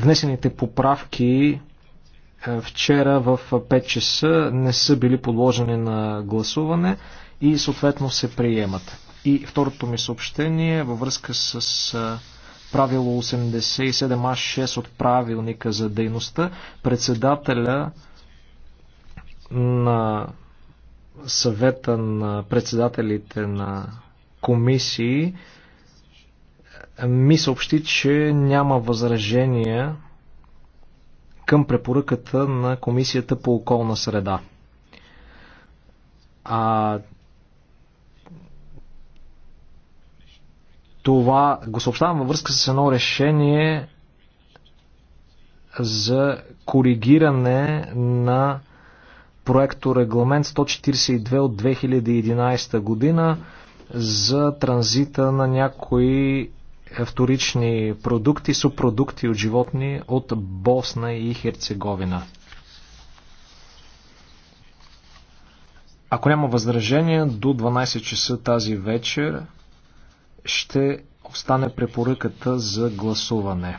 внесените поправки е, вчера в 5 часа не са били подложени на гласуване и съответно се приемат. И второто ми съобщение е във връзка с е, правило 87А6 от правилника за дейността, председателя на съвета на председателите на комисии ми съобщи, че няма възражения към препоръката на Комисията по околна среда. А, това го съобщавам във връзка с едно решение за коригиране на проекто регламент 142 от 2011 година за транзита на някои вторични продукти, субпродукти от животни от Босна и Херцеговина. Ако няма възражение, до 12 часа тази вечер ще остане препоръката за гласуване.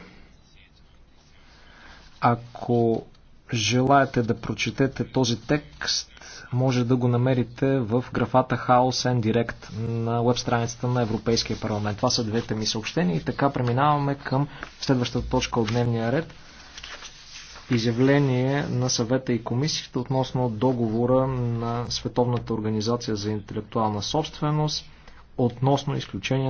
Ако желаете да прочетете този текст, може да го намерите в графата House and Direct на веб страницата на Европейския парламент. Това са двете ми съобщения и така преминаваме към следващата точка от дневния ред. Изявление на съвета и комисията относно договора на Световната организация за интелектуална собственост относно изключението